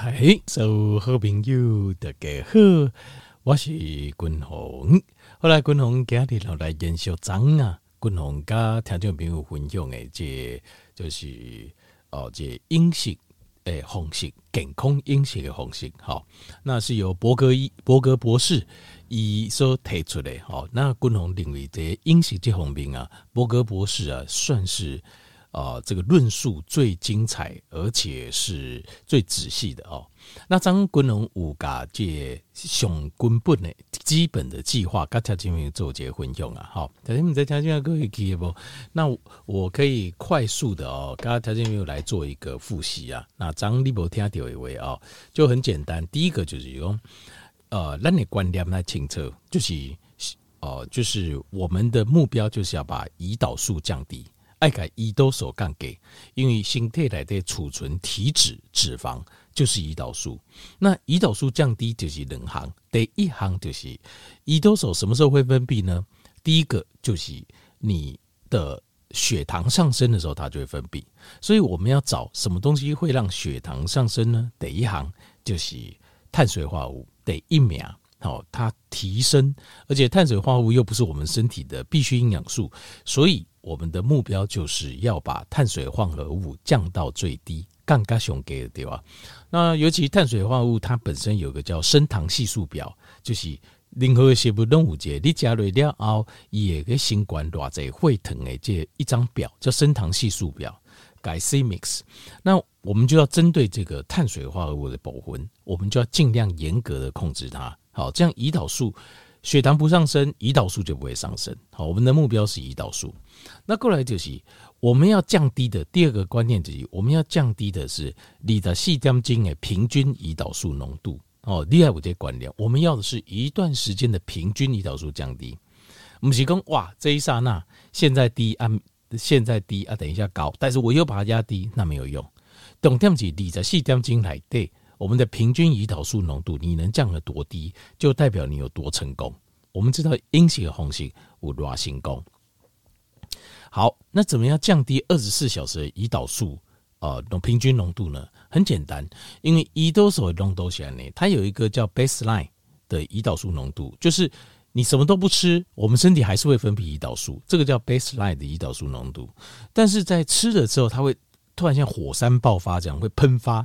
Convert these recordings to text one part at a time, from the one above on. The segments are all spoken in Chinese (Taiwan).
嗨，所有、so, 好朋友大家好，我是君鴻。後來，君鴻今家的來研究長啊，君鴻家聽眾朋友分享的，即就是哦，即飲食誒方式，健康飲食的方式。吼，那是由博格一博格博士伊所提出的。吼，那君鴻認為這飲食這方面啊，博格博士啊算是。哦、呃，這個論述最精彩，而且是最仔細的哦。那張國龍五噶介熊根本的基本的計劃，跟大家做結婚用啊，好、哦，大家們在家盡量可以記不？那我，我可以快速的哦，跟大家來做一個複習啊。那張你無聽到的一位哦，就很簡單，第一個就是用呃，那的觀念來清楚，就是哦、呃，就是我們的目標就是要把胰島素降低。愛改胰島素干給，因為身體內的儲存體脂脂肪就是胰島素。那胰島素降低就是冷行，第一行，就是胰島素什麼時候會分泌呢？第一個就是你的血糖上升的時候，它就會分泌。所以我們要找什麼東西會讓血糖上升呢？第一行就是碳水化合物，第一秒。好，它提升，而且碳水化合物又不是我們身體的必需營養素，所以我們的目標就是要把碳水化合物降到最低。降到最低的地方。那尤其碳水化合物它本身有個叫升糖係數表，就是任何食物任何東西，你加了了後，伊個新冠落在沸騰的這一張表叫升糖係數表，改 Cmix。那我們就要針對這個碳水化合物的保存，我們就要盡量嚴格的控制它。好，這樣胰島素血糖不上升，胰島素就不會上升。好，我們的目標是胰島素。那過來就是我們要降低的第二個觀念就是，我們要降低的是你的四點鐘的平均胰島素濃度哦。另外我再強調，我們要的是一段時間的平均胰島素降低。我們是講哇，這一剎那現在低啊，現在低啊，等一下高，但是我又把它壓低，那沒有用。重點是你的四點鐘來對我們的平均胰島素濃度，你能降得多低，就代表你有多成功。我們知道陰性和紅性，我抓心功。好，那怎麼樣降低二十四小時的胰島素呃平均濃度呢？很簡單，因為胰島素濃度下內它有一個叫 baseline 的胰島素濃度，就是你什麼都不吃，我們身體還是會分泌胰島素，這個叫 baseline 的胰島素濃度。但是在吃了之後，它會突然像火山爆發這樣，會噴發。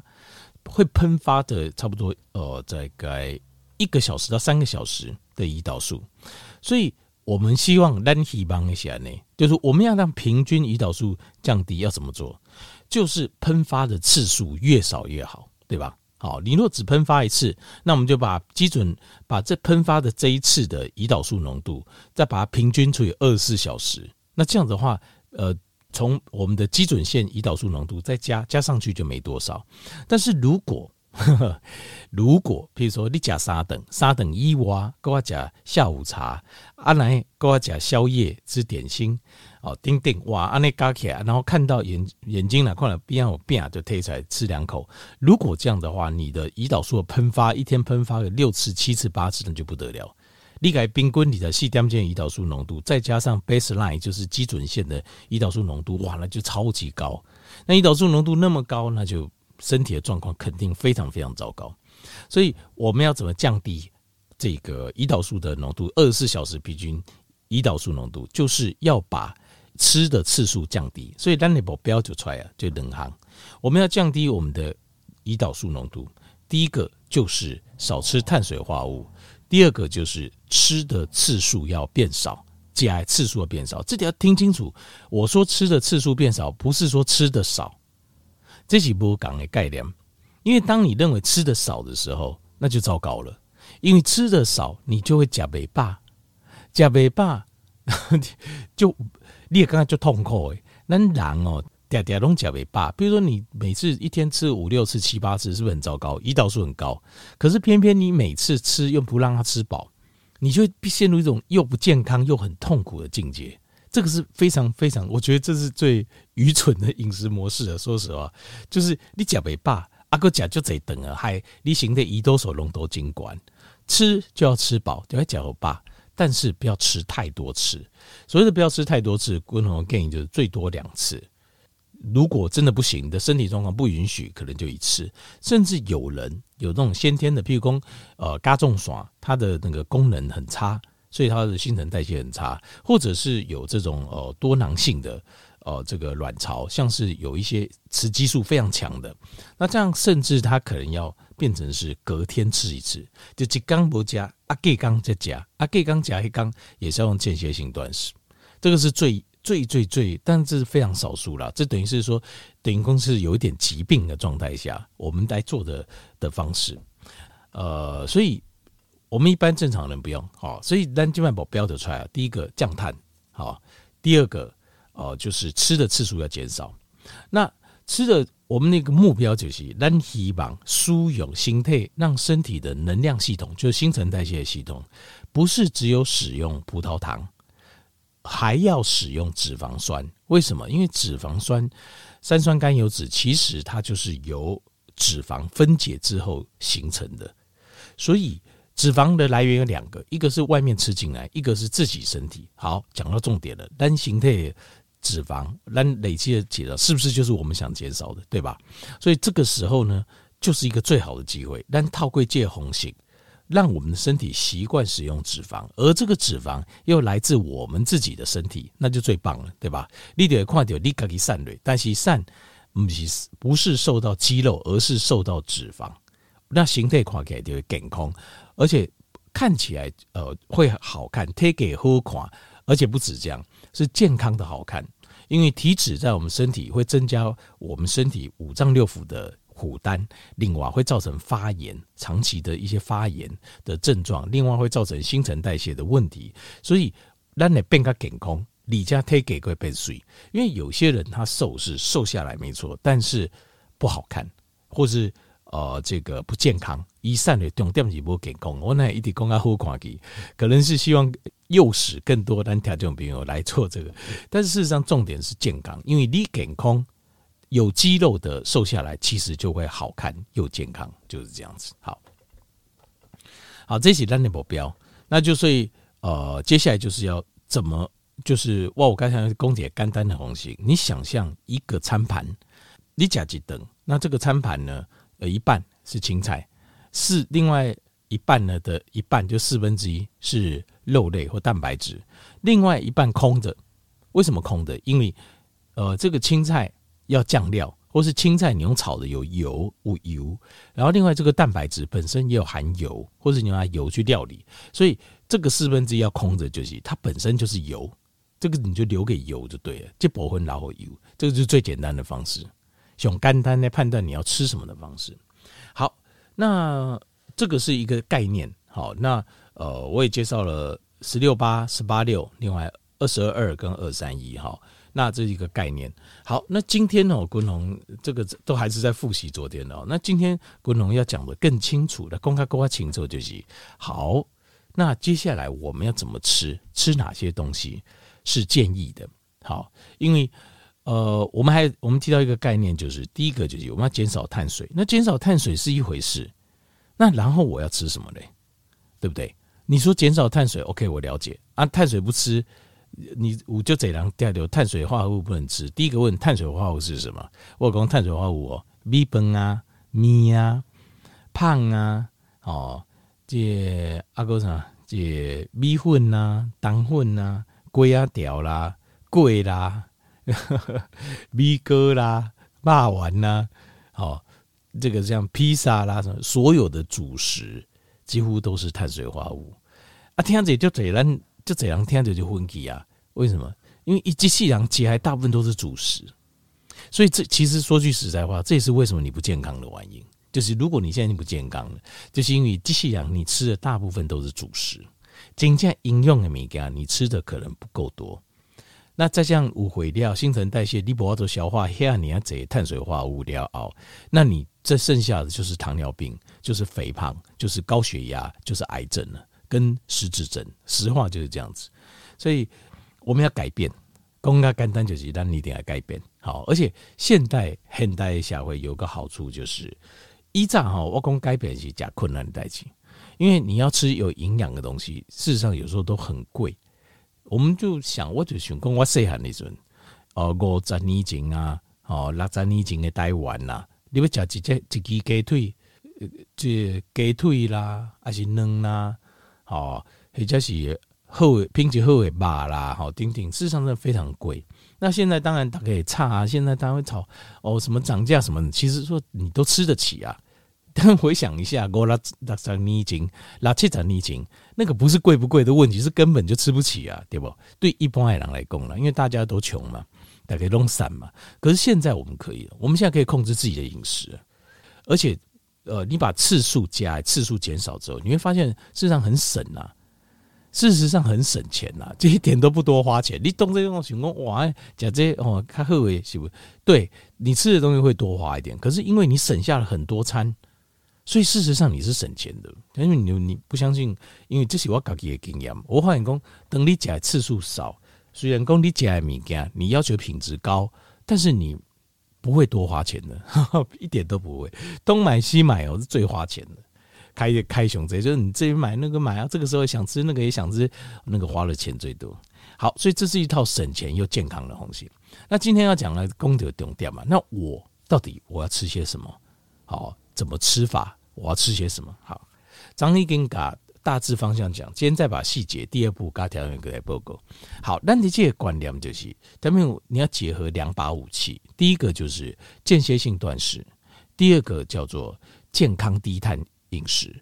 會噴發的差不多，呃，大概一個小時到三個小時的胰島素，所以我們希望讓誰幫一下呢？就是我們要讓平均胰島素降低，要怎麼做？就是噴發的次數越少越好，對吧？好，你若只噴發一次，那我們就把基準，把這噴發的這一次的胰島素濃度，再把它平均除以二十四小時，那這樣子的話，呃。從我們的基準線胰島素濃度再加加上去就沒多少，但是如果呵呵如果，譬如說你加三等三等一哇，跟我講下午茶，安來跟我講宵夜吃點心哦，叮叮哇，安內加起來，然後看到眼眼睛哪塊、哪邊有病啊，就推出來吃兩口。如果這樣的話，你的胰島素的噴發一天噴發有六次、七次、八次，那就不得了。你改冰棍裡的細點間胰島素濃度，再加上 baseline 就是基準線的胰島素濃度，哇，那就超級高。那胰島素濃度那麼高，那就身體的狀況肯定非常非常糟糕。所以我們要怎麼降低這個胰島素的濃度？二十四小時平均胰島素濃度，就是要把吃的次數降低。所以我們的目標就出來了，就冷汗。我們要降低我們的胰島素濃度，第一個就是少吃碳水化合物。第二個就是吃的次數要變少，吃的次數要變少。這點要聽清楚。我說吃的次數變少，不是說吃的少。這是不同的講的概念，因為當你認為吃的少的時候，那就糟糕了。因為吃的少，你就會吃不飽，吃不飽， 就你也剛才就痛苦誒。咱人哦。嗲嗲東假為霸，比如說你每次一天吃五六次、七八次，是不是很糟糕？胰島素很高，可是偏偏你每次吃又不讓它吃飽，你就會陷入一種又不健康又很痛苦的境界。這個是非常非常，我覺得這是最愚蠢的飲食模式了。說實話，就是你假為爸，阿哥假就等啊，嗨你行得移，多素濃多精管吃就要吃飽，就要假為，但是不要吃太多次。所以的不要吃太多次 a g 建 i 就是最多兩次。如果真的不行，你的身體狀況不允許，可能就一次。甚至有人有那種先天的譬如說呃，甲狀腺，他的那個功能很差，所以他的新陳代謝很差，或者是有這種呃多囊性的呃這個卵巢，像是有一些雌激素非常強的，那這樣甚至他可能要變成是隔天吃一次，就即剛不加，阿鈣剛再加，阿鈣剛加一剛，也是要用間歇性斷食，這個是最。最最最，但這是非常少數了。這等於是說，等於是有一點疾病的狀態下，我們來做的的方式。呃，所以我們一般正常人不用哈、哦。所以單京慢保標的出來，第一個降碳，好、哦，第二個哦、呃，就是吃的次數要減少。那吃的，我們那個目標就是，單希膀疏勇心態，讓身體的能量系統，就是新陳代謝系統，不是只有使用葡萄糖。還要使用脂肪酸？為什麼？因為脂肪酸、三酸甘油酯，其實它就是由脂肪分解之後形成的。所以脂肪的來源有兩個：一個是外面吃進來，一個是自己身體。好，講到重點了，單形態脂肪、單累積的脂肪，是不是就是我們想減少的？對吧？所以這個時候呢，就是一個最好的機會，讓套櫃借紅心。讓我們的身體習慣使用脂肪，而這個脂肪又來自我們自己的身體，那就最棒了，對吧？你就會看到你自己瘦了。但是瘦不是不是受到肌肉，而是受到脂肪。那形態看起來就會健康，而且看起來呃會好看，體型好看。而且不止這樣，是健康的好看，因為體脂在我們身體會增加我們身體五臟六腑的孤單，另外會造成發炎，長期的一些發炎的症狀，另外會造成新陳代謝的問題。所以，咱得變個健康，你家忒給過一杯水。因為有些人他瘦是瘦下來沒錯，但是不好看，或是呃這個不健康。以上的重點是不健康。我那一直講啊，好看的可能是希望誘使更多咱聽眾朋友來做這個，但是事實上，重點是健康，因為你健康。有肌肉的瘦下來，其實就會好看又健康，就是這樣子。好，好，這是單的目標，那就所以呃，接下來就是要怎麼，就是哇，我剛才講的是公鐵乾丹的東西，你想象一個餐盤，你假設等那這個餐盤呢，呃，一半是青菜，四另外一半呢的一半就四分之一是肉類或蛋白質，另外一半空的，為什麼空的？因為呃，這個青菜。要醬料，或是青菜，你用炒的有油無油，然後另外這個蛋白質本身也有含油，或是你用它油去料理，所以這個四分之一要空着，就是它本身就是油，這個你就留給油就對了，就不會浪費油，這個就是最簡單的方式，用簡單來判斷你要吃什麼的方式。好，那這個是一個概念。好，那呃我也介紹了十六八、十八六，另外二十二二跟二三一，好。那這是一個概念。好，那今天呢、喔，國龍這個都還是在復習昨天的，喔，哦。那今天國龍要講得更清楚的，公開公開清楚就是。好，那接下來我們要怎麼吃？吃哪些東西是建議的？好，因為呃，我們還我們提到一個概念，就是第一個就是我們要減少碳水。那減少碳水是一回事，那然後我要吃什麼呢？對不對？你說減少碳水，OK，我了解啊，碳水不吃。你有就這人強調碳水化合物不能吃。第一個問碳水化合物是什麼？我講碳水化合物哦，米飯啊、面啊、胖啊、哦，這阿哥啥這個、米粉啊、糖粉啊、粿啊條啦、粿啦、啊啊啊啊啊啊、米糕啦、啊、肉圓啦，哦，這個像披薩啦什麼，所有的主食幾乎都是碳水化合物。啊，聽樣子也就這人。這怎樣？現就昏問啊！為什麼？因為一機器人吃還大部分都是主食，所以這其實說句實在話，這也是為什麼你不健康的原因。就是如果你現在你不健康了，就是因為機器人你吃的大部分都是主食，真正營養的東西你吃的可能不夠多。那再這樣無肥料、新陳代謝、你不要做消化，黑暗，人家碳水化合物掉，那你這剩下的就是糖尿病，就是肥胖，就是高血壓，就是癌症了。跟實質證實話就是這樣子，所以我們要改變。講較簡單就是咱你一定要改變。好，而且現代現代的社會有個好處就是，以前哈，我講改變是加困難代誌，因為你要吃有營養的東西，事實上有時候都很貴。我們就想，我就想講，我細漢時陣，哦，五十年前啊，哦，六十年前的台灣啦，啊，你要吃一隻一隻雞腿，這雞腿啦，還是嫩啦。哦，或者是好品質好的肉啦，好、哦、丁丁，事實上是非常貴。那現在當然大概也差啊，現在大家會炒哦什麼漲價什麼，其實說你都吃得起啊。但回想一下，五六十年以前，六七十年以前，那個不是貴不貴的問題，是根本就吃不起啊，對不對？對一般人來講了，因為大家都窮嘛，大概弄散嘛。可是現在我們可以了，我們現在可以控制自己的飲食，而且。呃，你把次數加，次數減少之後，你會發現事實上很省吶、啊，事實上很省錢吶、啊，這一點都不多花錢。你懂這種情況，哇，講這些哦，是不是？對，你吃的東西會多花一點，可是因為你省下了很多餐，所以事實上你是省錢的。但是你你不相信？因為這是我自己的經驗，我發現講，等你吃次數少，雖然講你吃的物件，你要求品質高，但是你。不會多花錢的， 一點都不會。東買西買哦，是最花錢的。開業開熊賊就是你這邊買那個買啊，這個時候想吃那個也想吃那個，花了錢最多。好，所以這是一套省錢又健康的東西。那今天要講的功德重點嘛、啊？那我到底我要吃些什麼？好，怎麼吃法？我要吃些什麼？好，張一根嘎。大致方向講，今天再把細節第二步加調整過來報告。好，那你這些觀點就是，是你要結合兩把武器，第一個就是間歇性斷食，第二個叫做健康低碳飲食。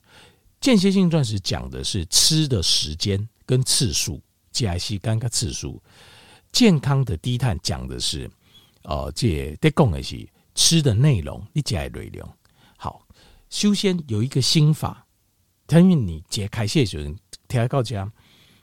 間歇性斷食講的是吃的時間跟次數，吃的時間跟次數；健康的低碳講的是，哦、呃，這個講的是吃的內容，你吃的內容。好，修仙有一個心法。因為你解開這些，提到講，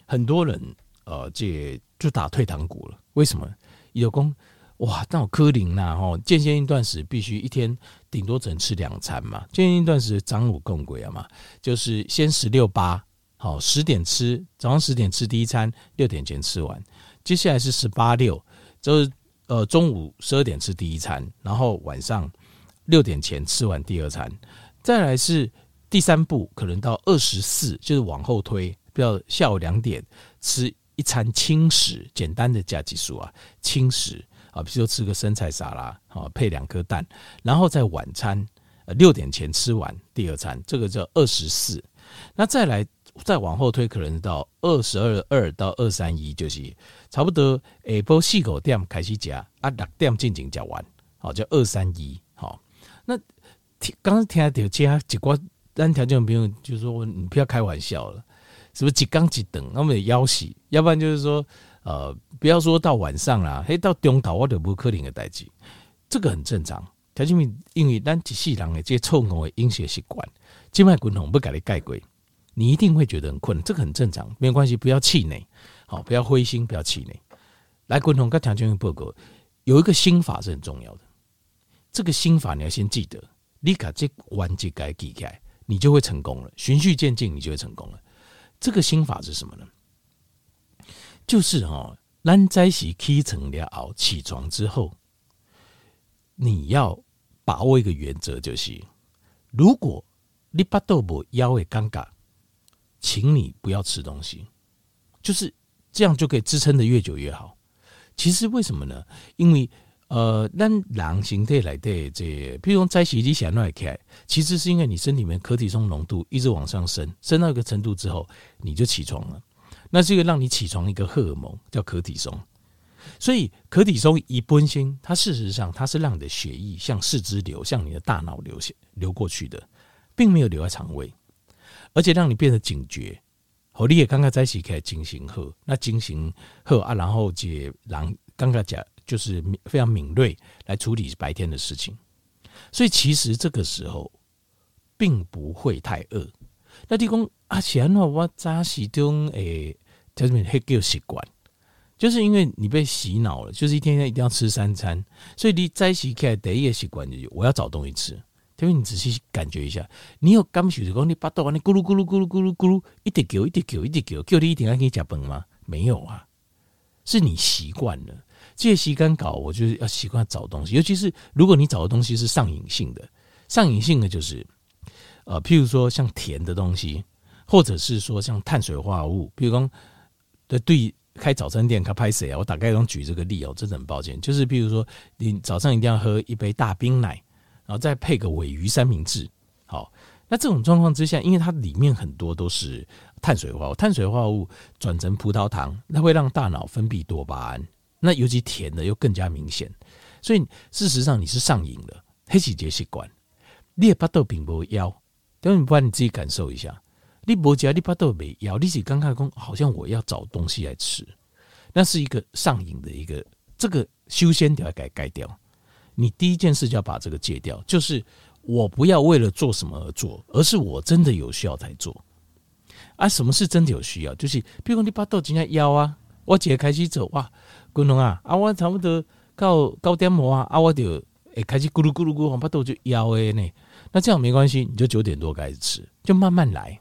很多人呃，這就,就打退堂鼓了。為什麼？有公哇，那種柯林呐，吼，間歇性斷食必須一天頂多只能吃兩餐嘛。間歇性斷食中午更貴了嘛，就是先十六八，好十點吃，早上十點吃第一餐，六點前吃完。接下來是十八六，就是呃中午十二點吃第一餐，然後晚上六點前吃完第二餐，再來是。第三步可能到二十四，就是往後推，不要下午兩點吃一餐輕食，簡單的加激素啊，輕食啊，比如說吃個生菜沙拉好，配兩顆蛋，然後在晚餐六點前吃完第二餐，這個叫二十四。那再來再往後推，可能到二十二二到二三一，就是差不多下午四五點開始吃啊，六點靜靜吃完，好，叫二三一好。那剛聽到這樣他結但聽眾朋友就是說：“你不要開玩笑了，是不是一天一頓？那我們要洗，要不然就是說，呃，不要說到晚上啦，嘿，到中晝我就不可能的代志。這個很正常。聽眾朋友因為咱一世人誒，這錯誤的飲食習慣，現在滾筒不給你改過，你一定會覺得很困，這個很正常，沒有關係，不要氣餒，好，不要灰心，不要氣餒。來滾筒跟聽眾朋友報告，有一個心法是很重要的，這個心法你要先記得，你把這關鍵記起來。你就會成功了，循序漸進，你就會成功了。這個心法是什麼呢？就是哈、哦，懶在洗起床了哦，起床之後，你要把握一個原則，就是如果你肚子沒餓的感覺，請你不要吃東西，就是這樣就可以支撐得越久越好。其實為什麼呢？因為。呃，那狼形起來對，這，比如在洗洗下亂開，其實是因為你身體裡面可體松濃度一直往上升，升到一個程度之後，你就起床了。那這個讓你起床一個荷爾蒙叫可體松。所以可體松本身，它事實上它是讓你的血液向四肢流，向你的大腦流流過去的，並沒有留在腸胃，而且讓你變得警覺。覺好，你也剛剛在洗開精醒後，那精醒後啊，然後就狼，剛剛講。就是非常敏銳來處理白天的事情，所以其實這個時候並不會太餓。那你說啊，前頭我早上中誒，欸、叫什麼呢，嘿，叫習慣，就是因為你被洗腦了，就是一天天一定要吃三餐，所以你早上起來的第一個習慣就是我要找東西吃。所以你仔細感覺一下，你有感受是說你肚子這樣咕嚕咕嚕咕嚕咕嚕咕嚕，一直叫一直叫一直叫，叫你一定要去吃飯嗎？沒有啊，是你習慣了。戒些習慣搞，我就是要習慣找東西，尤其是如果你找的東西是上癮性的，上癮性的就是，呃，譬如說像甜的東西，或者是說像碳水化合物，譬如說那對，對開早餐店，開拍誰啊？我大概剛舉這個例哦，真的很抱歉，就是譬如說，你早上一定要喝一杯大冰奶，然後再配個鮪魚三明治，好，那這種狀況之下，因為它裡面很多都是碳水化合物，碳水化合物，轉成葡萄糖，它會讓大腦分泌多巴胺。那尤其甜的又更加明顯，所以事實上你是上癮的。黑喜結習慣，你的巴豆並沒有腰，等會不然你自己感受一下，你不知道你巴豆沒腰，你只剛剛還說好像我要找東西來吃，那是一個上癮的一個這個修仙就要改掉。你第一件事就要把這個戒掉，就是我不要為了做什麼而做，而是我真的有需要才做。啊，什麼是真的有需要？就是比如你巴豆今天腰啊，我姐開始走哇。不能啊！啊，我差不多到九點多啊，啊，我就誒開始咕嚕咕嚕咕，嚕咕，嚕咕嚕，恐怕都就腰誒呢。那這樣沒關係，你就九點多開始吃，就慢慢來。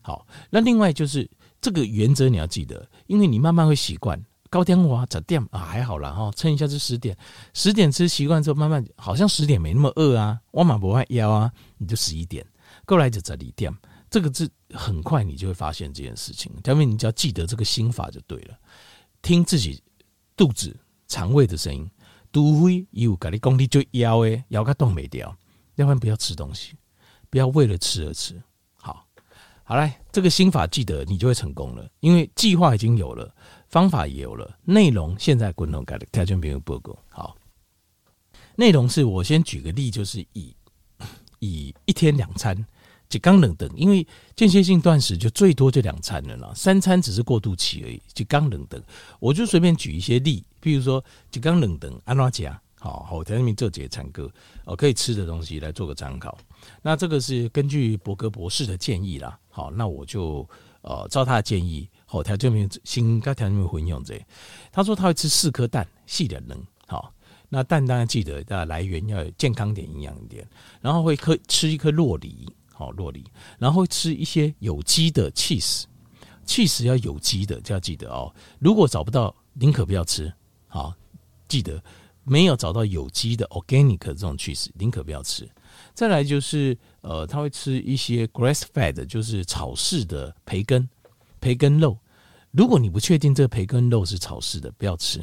好，那另外就是這個原則你要記得，因為你慢慢會習慣。九點多啊，早點啊？還好啦，哈、哦，撐一下是十點，十點吃習慣之後，慢慢好像十點沒那麼餓啊，我嘛不會腰啊，你就十一點過來就里點？這個是很快你就會發現這件事情，因為你只要記得這個心法就對了，聽自己。肚子腸胃的聲音，除非有跟你講，你就餓誒，餓得動不掉，要不然不要吃東西，不要為了吃而吃。好，好來這個心法記得，你就會成功了，因為計劃已經有了，方法也有了，內容現在滾動改改，全篇有報告。好，內容是我先舉個例，就是以以一天兩餐。就剛冷等，因為間歇性斷食就最多就兩餐了啦，三餐只是過渡期而已。就剛冷等，我就隨便舉一些例，譬如說就剛冷等，安拉姐啊，好，我台中民這節參考，哦，可以吃的東西來做個參考。那這個是根據博格博士的建議啦，好，那我就呃照他的建議，好，台中民新，該台中民混用這，他說他會吃四顆蛋，細點冷，好，那蛋大家記得，那來源要有健康點，營養一點，然後會顆吃一顆酪梨。好，酪梨，哦、然後吃一些有機的 cheese，cheese 要有機的，就要記得哦。如果找不到，寧可不要吃。好，哦，記得沒有找到有機的 organic 這種 cheese，寧可不要吃。再來就是呃，他會吃一些 grass fed，就是草飼的培根，培根肉。如果你不確定這個培根肉是草飼的，不要吃，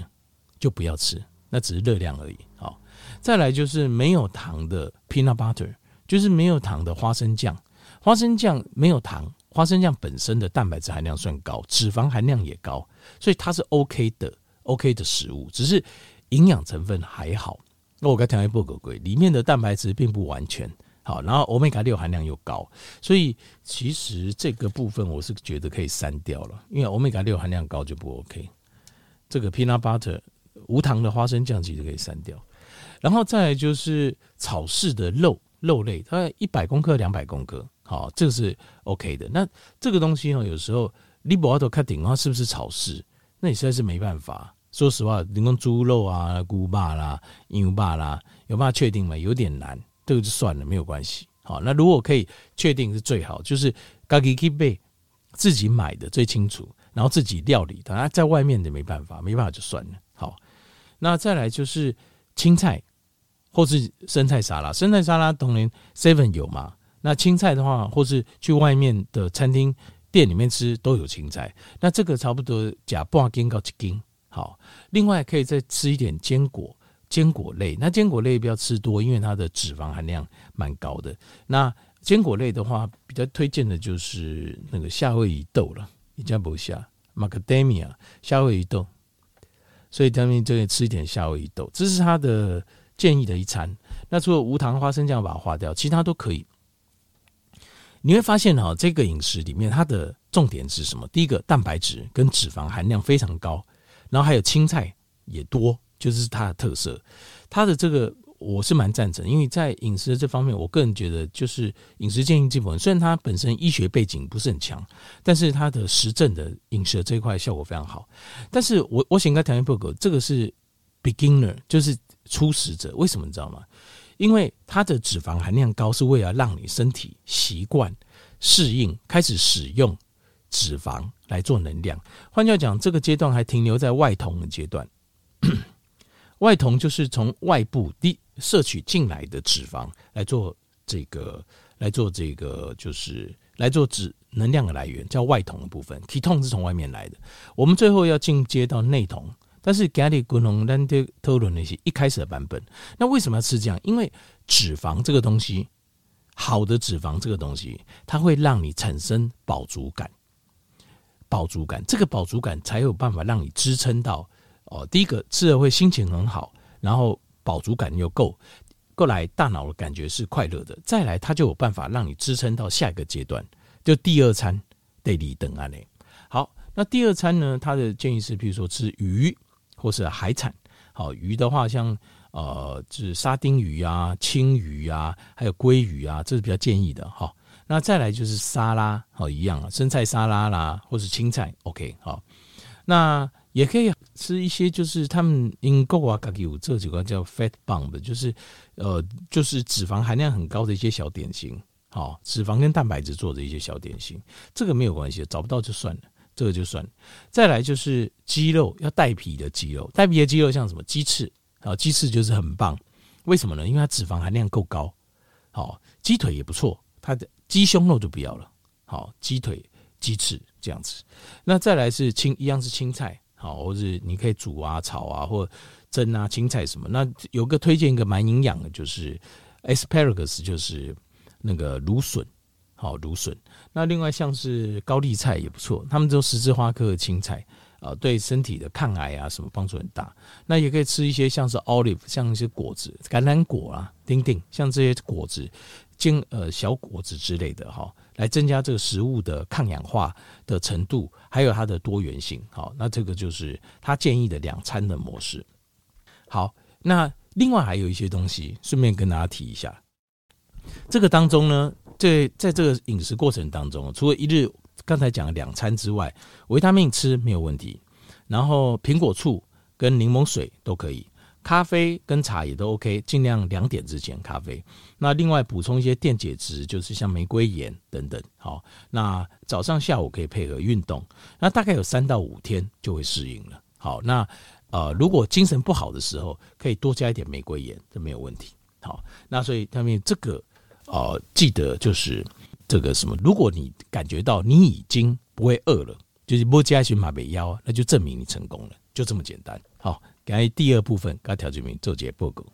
就不要吃，那只是熱量而已。好，哦，再來就是沒有糖的 peanut butter。就是沒有糖的花生醬，花生醬沒有糖，花生醬本身的蛋白質含量算高，脂肪含量也高，所以它是 OK 的，OK 的食物。只是營養成分還好。那我剛才講 peanut butter 裡面的蛋白質並不完全好，然後歐米伽六含量又高，所以其實這個部分我是覺得可以刪掉了，因為歐米伽六含量高就不 OK。這個 peanut butter 無糖的花生醬其實可以刪掉，然後再來就是草飼的肉。肉類，它一百公克、兩百公克，好，這個是 OK 的。那這個東西呢？有時候你把它都看頂的話，它是不是草飼，那你實在是沒辦法。說實話，你說豬肉啊、菇霸啦、啊、羊霸啦，有辦法確定嗎？有點難，這個就算了，沒有關係。好，那如果可以確定是最好，就是自己去買，自己買的最清楚，然後自己料理。當然，在外面的沒辦法，沒辦法就算了。好，那再來就是青菜。或是生菜沙拉，生菜沙拉同年 Seven 有嗎？那青菜的話，或是去外面的餐廳店裡面吃都有青菜。那這個差不多吃半斤到一斤，好。另外可以再吃一點堅果，堅果類。那堅果類不要吃多，因為它的脂肪含量蠻高的。那堅果類的話，比較推薦的就是那個夏威夷豆了，不下 Macadamia, 夏威夷豆。所以他們就可以吃一點夏威夷豆，這是它的。建議的一餐，那除了無糖花生醬把它劃掉，其他都可以。你會發現哈，這個飲食裡面它的重點是什麼？第一個，蛋白質跟脂肪含量非常高，然後還有青菜也多，就是它的特色。它的這個我是蠻贊成，因為在飲食這方面，我個人覺得就是飲食建議基本，雖然它本身醫學背景不是很強，但是它的實證的飲食的這一塊效果非常好。但是我我想跟大家報告，這個是 beginner，就是。初食者，為什麼你知道嗎？因為它的脂肪含量高，是為了讓你身體習慣、適應、開始使用脂肪來做能量。換句話講，這個階段還停留在外酮的階段。 外酮就是從外部滴攝取進來的脂肪來做這個、來做這個，就是來做脂能量的來源，叫外酮的部分。體酮是從外面來的。我們最後要進階到內酮。但是 g a l i c u o n l a n t o l o n 那些一開始的版本，那為什麼要吃這樣？因為脂肪這個東西，好的脂肪這個東西，它會讓你產生飽足感，飽足感，這個飽足感才有辦法讓你支撐到哦。第一個吃了會心情很好，然後飽足感又夠，夠來大腦的感覺是快樂的。再來，它就有辦法讓你支撐到下一個階段，就第二餐 d a 等 l 好，那第二餐呢？它的建議是，譬如說吃魚。或是海產，好魚的話像，像呃，就是沙丁魚啊、青魚啊，還有鮭魚啊，這是比較建議的哈、哦。那再來就是沙拉，好、哦、一樣、啊，生菜沙拉啦，或是青菜，OK，好、哦。那也可以吃一些，就是他們英國啊、咖哩有這幾個叫 fat bomb 的，就是呃，就是脂肪含量很高的一些小點心，好、哦，脂肪跟蛋白質做的一些小點心，這個沒有關係，找不到就算了。這個就算，再來就是雞肉要帶皮的雞肉，帶皮的雞肉像什麼雞翅啊？好，雞翅就是很棒，為什麼呢？因為它脂肪含量夠高。好，雞腿也不錯，它的雞胸肉就不要了。好，雞腿、雞翅這樣子。那再來是青，一樣是青菜，好，或是你可以煮啊、炒啊或蒸啊，青菜什麼。那有個推薦一個蠻營養的，就是 asparagus，就是那個蘆筍。好，蘆筍。那另外像是高麗菜也不錯，他們都十字花科的青菜啊、呃，對身體的抗癌啊什麼幫助很大。那也可以吃一些像是 olive，像一些果子，橄欖果啊、丁丁，像這些果子、精呃小果子之類的哈、哦，來增加這個食物的抗氧化的程度，還有它的多元性。好、哦，那這個就是他建議的兩餐的模式。好，那另外還有一些東西，順便跟大家提一下，這個當中呢。在在這個飲食過程當中，除了一日剛才講兩餐之外，維他命吃沒有問題，然後蘋果醋跟檸檬水都可以，咖啡跟茶也都 OK，盡量兩點之前咖啡。那另外補充一些電解質，就是像玫瑰鹽等等。好，那早上下午可以配合運動，那大概有三到五天就會適應了。好，那呃，如果精神不好的時候，可以多加一點玫瑰鹽，這沒有問題。好，那所以他們這個。哦、呃，記得就是這個什麼，如果你感覺到你已經不會餓了，就是摸加崙馬背腰，那就證明你成功了，就這麼簡單。好，該第二部分，該調節名做節報告。